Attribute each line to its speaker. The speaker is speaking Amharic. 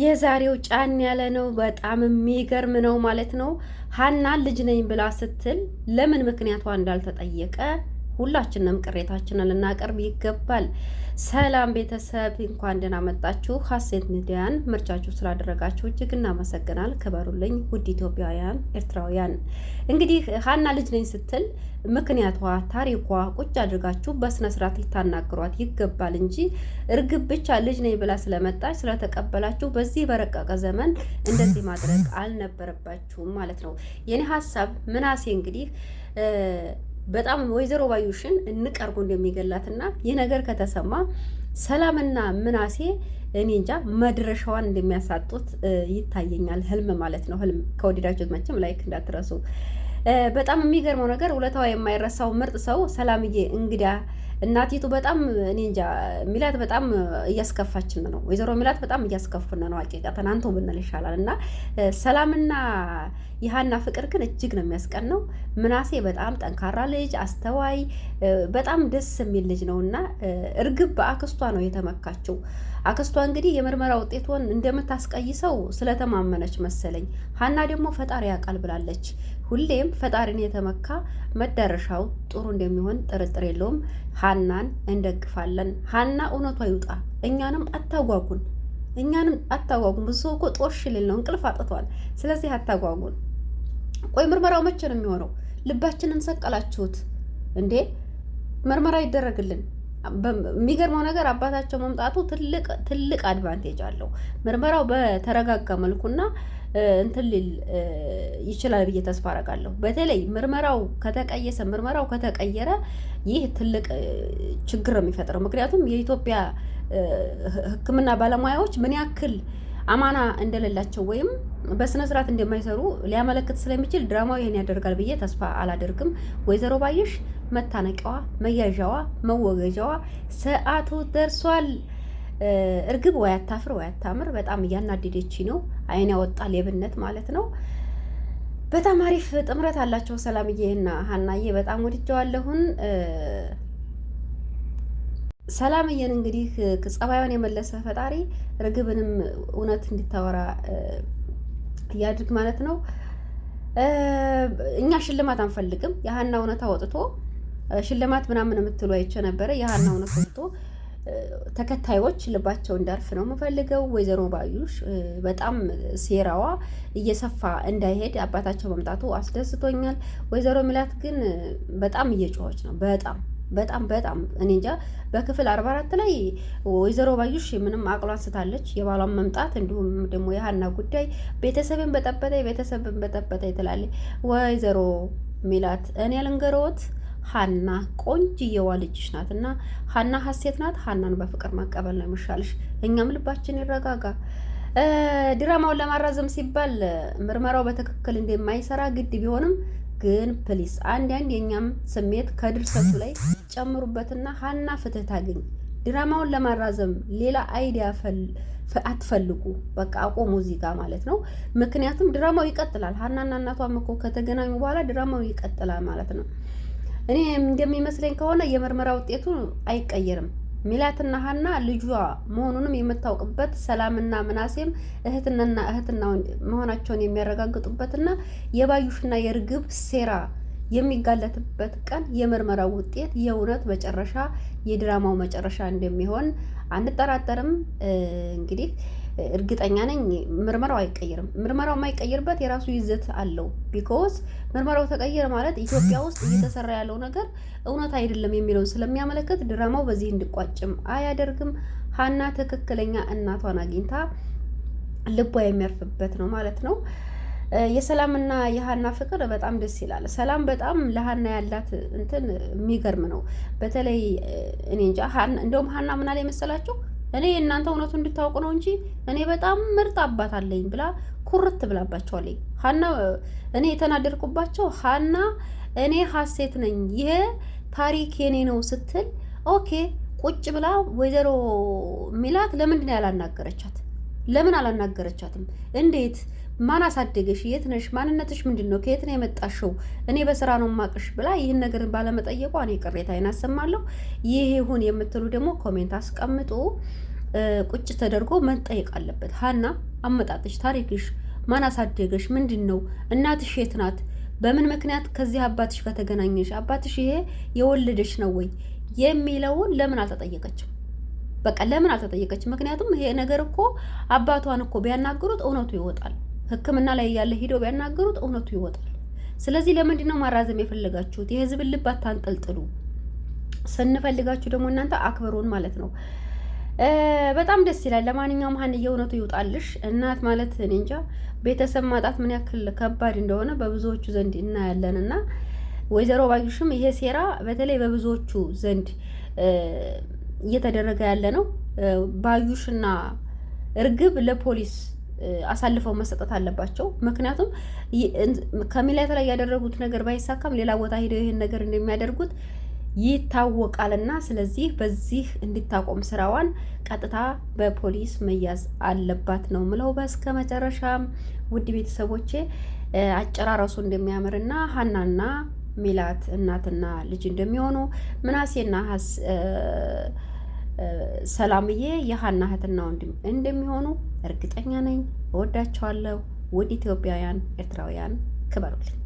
Speaker 1: የዛሬው ጫን ያለ ነው። በጣም የሚገርም ነው ማለት ነው። ሀና ልጅ ነኝ ብላ ስትል ለምን ምክንያቷ እንዳልተጠየቀ ሁላችንም ቅሬታችንን ልናቀርብ ይገባል። ሰላም ቤተሰብ፣ እንኳን ደህና መጣችሁ። ሀሴት ሚዲያን ምርጫችሁ ስላደረጋችሁ እጅግ እናመሰግናል። ክበሩልኝ ውድ ኢትዮጵያውያን ኤርትራውያን። እንግዲህ ሀና ልጅ ነኝ ስትል ምክንያቷ፣ ታሪኳ ቁጭ አድርጋችሁ በስነ ስርዓት ልታናግሯት ይገባል እንጂ እርግብ ብቻ ልጅ ነኝ ብላ ስለመጣች ስለተቀበላችሁ በዚህ በረቀቀ ዘመን እንደዚህ ማድረግ አልነበረባችሁም ማለት ነው። የኔ ሀሳብ ምናሴ እንግዲህ በጣም ወይዘሮ ባዩሽን እንቀርቦ እንደሚገላትና ይህ ነገር ከተሰማ ሰላምና ምናሴ እኔ እንጃ መድረሻዋን እንደሚያሳጡት ይታየኛል። ህልም ማለት ነው። ህልም ከወደዳችሁት መቼም ላይክ እንዳትረሱ። በጣም የሚገርመው ነገር ውለታዋ የማይረሳው ምርጥ ሰው ሰላምዬ እንግዳ እናቲቱ በጣም እኔ እንጃ ሚላት በጣም እያስከፋችን ነው። ወይዘሮ ሚላት በጣም እያስከፉን ነው። አቂቃ ተናንቶ ብንል ይሻላል። እና ሰላምና የሀና ፍቅር ግን እጅግ ነው ነው። ምናሴ በጣም ጠንካራ ልጅ፣ አስተዋይ፣ በጣም ደስ የሚል ልጅ ነው እና እርግብ በአክስቷ ነው የተመካችው። አክስቷ እንግዲህ የምርመራ ውጤትን እንደምታስቀይሰው ስለተማመነች መሰለኝ ሀና ደግሞ ፈጣሪ ያውቃል ብላለች። ሁሌም ፈጣሪን የተመካ መዳረሻው ጥሩ እንደሚሆን ጥርጥር የለውም። ሀናን እንደግፋለን። ሀና እውነቷ ይውጣ። እኛንም አታጓጉን፣ እኛንም አታጓጉን። ብዙ ሰው እኮ ጦሽ ሊል ነው፣ እንቅልፍ አጥቷል። ስለዚህ አታጓጉን። ቆይ ምርመራው መቼ ነው የሚሆነው? ልባችንን ሰቀላችሁት እንዴ! ምርመራ ይደረግልን። የሚገርመው ነገር አባታቸው መምጣቱ ትልቅ ትልቅ አድቫንቴጅ አለው። ምርመራው በተረጋጋ መልኩና እንትን ሊል ይችላል ብዬ ተስፋ አደርጋለሁ። በተለይ ምርመራው ከተቀየሰ ምርመራው ከተቀየረ ይህ ትልቅ ችግር ነው የሚፈጥረው። ምክንያቱም የኢትዮጵያ ሕክምና ባለሙያዎች ምን ያክል አማና እንደሌላቸው ወይም በስነ ስርዓት እንደማይሰሩ ሊያመለክት ስለሚችል ድራማው ይህን ያደርጋል ብዬ ተስፋ አላደርግም። ወይዘሮ ባየሽ መታነቂያዋ፣ መያዣዋ፣ መወገዣዋ ሰዓቱ ደርሷል። እርግብ ወይ አታፍር ወይ አታምር። በጣም እያናደደች ነው። አይን ያወጣ ሌብነት ማለት ነው። በጣም አሪፍ ጥምረት አላቸው ሰላምዬና ሀናዬ። በጣም ወድጀዋለሁን። ሰላምዬን እንግዲህ ጸባዩን የመለሰ ፈጣሪ እርግብንም እውነት እንድታወራ እያድርግ ማለት ነው። እኛ ሽልማት አንፈልግም። የሀና እውነታ አወጥቶ ሽልማት ምናምን የምትሉ አይቼ ነበረ። የሀና እውነት አወጥቶ ተከታዮች ልባቸው እንዳርፍ ነው የምፈልገው። ወይዘሮ ባዩሽ በጣም ሴራዋ እየሰፋ እንዳይሄድ አባታቸው መምጣቱ አስደስቶኛል። ወይዘሮ ሚላት ግን በጣም እየጮኸች ነው። በጣም በጣም በጣም እኔ እንጃ። በክፍል አርባ አራት ላይ ወይዘሮ ባዩሽ ምንም አቅሏን አንስታለች። የባሏን መምጣት እንዲሁም ደግሞ የሀና ጉዳይ ቤተሰብን በጠበጠ ቤተሰብን በጠበጠ ትላለች። ወይዘሮ ሚላት እኔ ልንገረዎት ሀና የዋ ልጅሽ ናት እና ሀና ሀሴት ናት። ሀናን በፍቅር መቀበል ነው የሚሻልሽ። እኛም ልባችን ይረጋጋ። ድራማውን ለማራዘም ሲባል ምርመራው በትክክል እንደማይሰራ ግድ ቢሆንም ግን ፕሊስ አንድ አንድ የእኛም ስሜት ከድርሰቱ ላይ ጨምሩበትና ሀና ፍትህ ታገኝ። ድራማውን ለማራዘም ሌላ አይዲያ አትፈልጉ። በቃ አቆሙ እዚህ ጋር ማለት ነው። ምክንያቱም ድራማው ይቀጥላል። ሀናና እናቷም እኮ ከተገናኙ በኋላ ድራማው ይቀጥላል ማለት ነው። እኔ እንደሚመስለኝ ከሆነ የምርመራ ውጤቱ አይቀየርም። ሚላትና ሀና ልጇ መሆኑንም የምታውቅበት ሰላምና ምናሴም እህትና እህትና መሆናቸውን የሚያረጋግጡበትና የባዩሽና የርግብ ሴራ የሚጋለጥበት ቀን የምርመራው ውጤት የእውነት መጨረሻ የድራማው መጨረሻ እንደሚሆን አንጠራጠርም። እንግዲህ እርግጠኛ ነኝ ምርመራው አይቀየርም። ምርመራው የማይቀይርበት የራሱ ይዘት አለው። ቢኮዝ ምርመራው ተቀየረ ማለት ኢትዮጵያ ውስጥ እየተሰራ ያለው ነገር እውነት አይደለም የሚለውን ስለሚያመለክት ድራማው በዚህ እንዲቋጭም አያደርግም። ሀና ትክክለኛ እናቷን አግኝታ ልቧ የሚያርፍበት ነው ማለት ነው። የሰላምና የሀና ፍቅር በጣም ደስ ይላል። ሰላም በጣም ለሀና ያላት እንትን የሚገርም ነው። በተለይ እኔ እንጃ እንደውም ሀና ምን የመሰላችሁ እኔ እናንተ እውነቱ እንድታውቁ ነው እንጂ እኔ በጣም ምርጥ አባት አለኝ ብላ ኩርት ብላባቸዋለኝ። ሀና እኔ የተናደድኩባቸው ሀና እኔ ሀሴት ነኝ ይሄ ታሪክ የኔ ነው ስትል ኦኬ ቁጭ ብላ ወይዘሮ ሚላት ለምንድን ነው ያላናገረቻት? ለምን አላናገረቻትም? እንዴት? ማን አሳደገሽ? የት ነሽ? ማንነትሽ ምንድን ነው? ከየት ነው የመጣሽው? እኔ በስራ ነው ማቅሽ ብላ ይህን ነገር ባለመጠየቋ እኔ ቅሬታ አሰማለሁ። ይህ ይሁን የምትሉ ደግሞ ኮሜንት አስቀምጦ ቁጭ ተደርጎ መጠየቅ አለበት። ሀና አመጣጥሽ፣ ታሪክሽ፣ ማን አሳደገሽ? ምንድን ነው? እናትሽ የት ናት? በምን ምክንያት ከዚህ አባትሽ ከተገናኘሽ አባትሽ ይሄ የወለደሽ ነው ወይ የሚለውን ለምን አልተጠየቀችም? በቃ ለምን አልተጠየቀች? ምክንያቱም ይሄ ነገር እኮ አባቷን እኮ ቢያናግሩት እውነቱ ይወጣል። ሕክምና ላይ ያለ ሂዶ ቢያናግሩት እውነቱ ይወጣል። ስለዚህ ለምንድን ነው ማራዘም የፈለጋችሁት? የህዝብን ልብ አታንጠልጥሉ። ስንፈልጋችሁ ደግሞ እናንተ አክብሩን ማለት ነው። በጣም ደስ ይላል። ለማንኛውም ሀንዬ እውነቱ ይውጣልሽ። እናት ማለት እኔ እንጃ ቤተሰብ ማጣት ምን ያክል ከባድ እንደሆነ በብዙዎቹ ዘንድ እናያለን እና ወይዘሮ ባዩሽም ይሄ ሴራ በተለይ በብዙዎቹ ዘንድ እየተደረገ ያለ ነው። ባዩሽና እርግብ ለፖሊስ አሳልፈው መሰጠት አለባቸው። ምክንያቱም ከሚላት ላይ ያደረጉት ነገር ባይሳካም ሌላ ቦታ ሄደው ይህን ነገር እንደሚያደርጉት ይታወቃልና፣ ስለዚህ በዚህ እንድታቆም ስራዋን ቀጥታ በፖሊስ መያዝ አለባት ነው ምለው። በስከ መጨረሻም ውድ ቤተሰቦቼ አጨራረሱ እንደሚያምርና ሀናና ሚላት እናትና ልጅ እንደሚሆኑ ምናሴና ሰላምዬ የሀና እህትና ወንድም እንደሚሆኑ እርግጠኛ ነኝ። እወዳቸዋለሁ። ውድ ኢትዮጵያውያን ኤርትራውያን ክበሩልኝ።